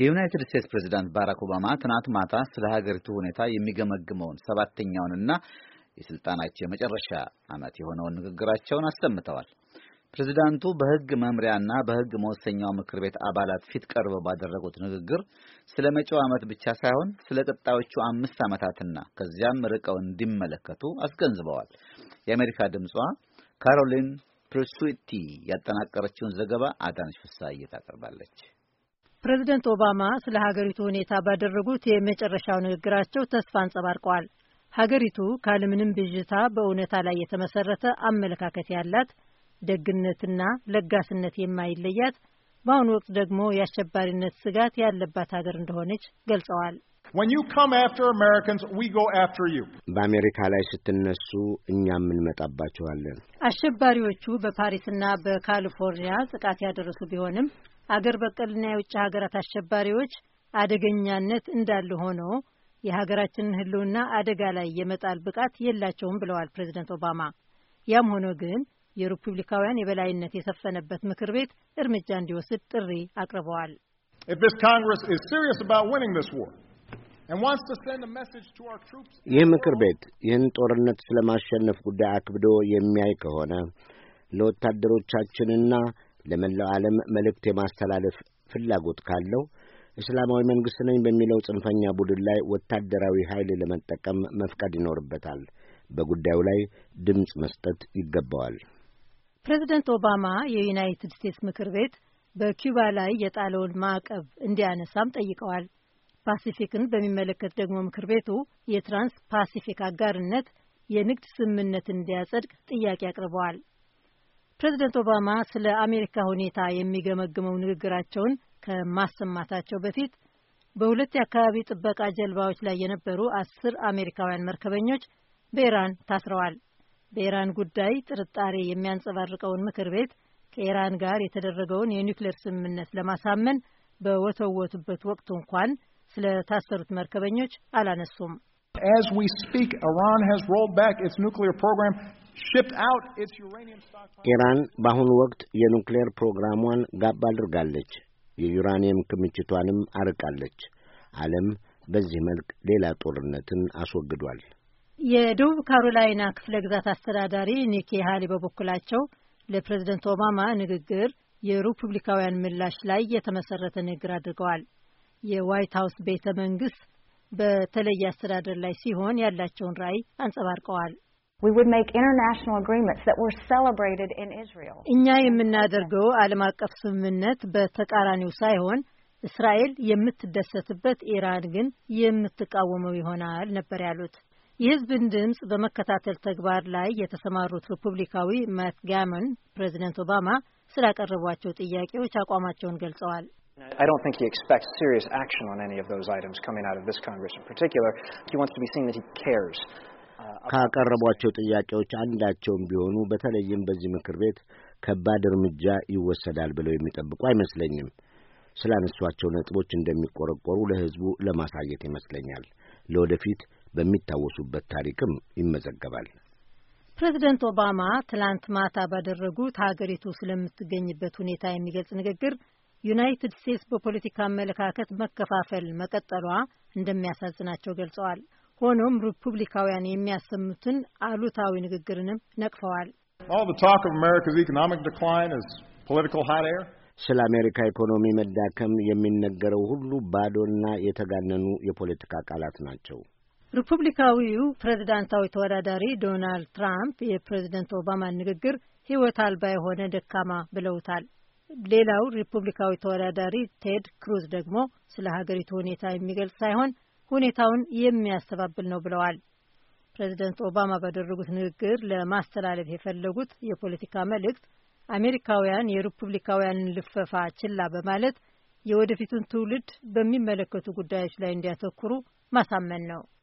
የዩናይትድ ስቴትስ ፕሬዚዳንት ባራክ ኦባማ ትናንት ማታ ስለ ሀገሪቱ ሁኔታ የሚገመግመውን ሰባተኛውንና የስልጣናቸው የመጨረሻ ዓመት የሆነውን ንግግራቸውን አሰምተዋል። ፕሬዚዳንቱ በሕግ መምሪያና በሕግ መወሰኛው ምክር ቤት አባላት ፊት ቀርበው ባደረጉት ንግግር ስለ መጪው ዓመት ብቻ ሳይሆን ስለ ቀጣዮቹ አምስት ዓመታትና ከዚያም ርቀው እንዲመለከቱ አስገንዝበዋል። የአሜሪካ ድምጿ ካሮሊን ፕርሱቲ ያጠናቀረችውን ዘገባ አዳነች ፍስሐዬ ታቀርባለች። ፕሬዚደንት ኦባማ ስለ ሀገሪቱ ሁኔታ ባደረጉት የመጨረሻው ንግግራቸው ተስፋ አንጸባርቀዋል። ሀገሪቱ ካለምንም ብዥታ በእውነታ ላይ የተመሰረተ አመለካከት ያላት፣ ደግነትና ለጋስነት የማይለያት፣ በአሁኑ ወቅት ደግሞ የአሸባሪነት ስጋት ያለባት ሀገር እንደሆነች ገልጸዋል። በአሜሪካ ላይ ስትነሱ እኛም እንመጣባችኋለን። አሸባሪዎቹ በፓሪስና በካሊፎርኒያ ጥቃት ያደረሱ ቢሆንም አገር በቀልና የውጭ ሀገራት አሸባሪዎች አደገኛነት እንዳለ ሆኖ የሀገራችንን ሕልውና አደጋ ላይ የመጣል ብቃት የላቸውም ብለዋል ፕሬዚደንት ኦባማ። ያም ሆኖ ግን የሪፑብሊካውያን የበላይነት የሰፈነበት ምክር ቤት እርምጃ እንዲወስድ ጥሪ አቅርበዋል። ይህ ምክር ቤት ይህን ጦርነት ስለማሸነፍ ጉዳይ አክብዶ የሚያይ ከሆነ ለወታደሮቻችንና ለመላው ዓለም መልእክት የማስተላለፍ ፍላጎት ካለው እስላማዊ መንግሥት ነኝ በሚለው ጽንፈኛ ቡድን ላይ ወታደራዊ ኃይል ለመጠቀም መፍቀድ ይኖርበታል። በጉዳዩ ላይ ድምፅ መስጠት ይገባዋል። ፕሬዚደንት ኦባማ የዩናይትድ ስቴትስ ምክር ቤት በኪዩባ ላይ የጣለውን ማዕቀብ እንዲያነሳም ጠይቀዋል። ፓሲፊክን በሚመለከት ደግሞ ምክር ቤቱ የትራንስ ፓሲፊክ አጋርነት የንግድ ስምምነት እንዲያጸድቅ ጥያቄ አቅርበዋል። ፕሬዚደንት ኦባማ ስለ አሜሪካ ሁኔታ የሚገመግመው ንግግራቸውን ከማሰማታቸው በፊት በሁለት የአካባቢ ጥበቃ ጀልባዎች ላይ የነበሩ አስር አሜሪካውያን መርከበኞች በኢራን ታስረዋል። በኢራን ጉዳይ ጥርጣሬ የሚያንጸባርቀውን ምክር ቤት ከኢራን ጋር የተደረገውን የኒውክሌር ስምምነት ለማሳመን በወተወቱበት ወቅት እንኳን ስለ ታሰሩት መርከበኞች አላነሱም። As we speak, Iran has rolled back its nuclear program ኢራን በአሁኑ ወቅት የኑክሌር ፕሮግራሟን ጋብ አድርጋለች፣ የዩራኒየም ክምችቷንም አርቃለች። ዓለም በዚህ መልክ ሌላ ጦርነትን አስወግዷል። የደቡብ ካሮላይና ክፍለ ግዛት አስተዳዳሪ ኒኪ ሃሊ በበኩላቸው ለፕሬዝደንት ኦባማ ንግግር የሪፑብሊካውያን ምላሽ ላይ የተመሰረተ ንግግር አድርገዋል። የዋይት ሀውስ ቤተ መንግስት በተለየ አስተዳደር ላይ ሲሆን ያላቸውን ራዕይ አንጸባርቀዋል። We would make international agreements that were celebrated in Israel. እኛ የምናደርገው ዓለም አቀፍ ስምምነት በተቃራኒው ሳይሆን እስራኤል የምትደሰትበት ኢራን ግን የምትቃወመው ይሆናል ነበር ያሉት። የህዝብን ድምፅ በመከታተል ተግባር ላይ የተሰማሩት ሪፑብሊካዊ ማት ጋመን ፕሬዚደንት ኦባማ ስላቀረቧቸው ጥያቄዎች አቋማቸውን ገልጸዋል። I don't think he expects serious action on any of those items coming out of this Congress in particular. He wants to be seen that he cares. ካቀረቧቸው ጥያቄዎች አንዳቸውም ቢሆኑ በተለይም በዚህ ምክር ቤት ከባድ እርምጃ ይወሰዳል ብለው የሚጠብቁ አይመስለኝም። ስላነሷቸው ነጥቦች እንደሚቆረቆሩ ለሕዝቡ ለማሳየት ይመስለኛል። ለወደፊት በሚታወሱበት ታሪክም ይመዘገባል። ፕሬዚደንት ኦባማ ትላንት ማታ ባደረጉት ሀገሪቱ ስለምትገኝበት ሁኔታ የሚገልጽ ንግግር ዩናይትድ ስቴትስ በፖለቲካ አመለካከት መከፋፈል መቀጠሏ እንደሚያሳዝናቸው ገልጸዋል። ሆኖም ሪፑብሊካውያን የሚያሰሙትን አሉታዊ ንግግርንም ነቅፈዋል። ስለ አሜሪካ ኢኮኖሚ መዳከም የሚነገረው ሁሉ ባዶና የተጋነኑ የፖለቲካ ቃላት ናቸው። ሪፑብሊካዊው ፕሬዝዳንታዊ ተወዳዳሪ ዶናልድ ትራምፕ የፕሬዝደንት ኦባማን ንግግር ሕይወት አልባ የሆነ ደካማ ብለውታል። ሌላው ሪፑብሊካዊ ተወዳዳሪ ቴድ ክሩዝ ደግሞ ስለ ሀገሪቱ ሁኔታ የሚገልጽ ሳይሆን ሁኔታውን የሚያስተባብል ነው ብለዋል። ፕሬዚደንት ኦባማ ባደረጉት ንግግር ለማስተላለፍ የፈለጉት የፖለቲካ መልእክት አሜሪካውያን የሪፑብሊካውያንን ልፈፋ ችላ በማለት የወደፊቱን ትውልድ በሚመለከቱ ጉዳዮች ላይ እንዲያተኩሩ ማሳመን ነው።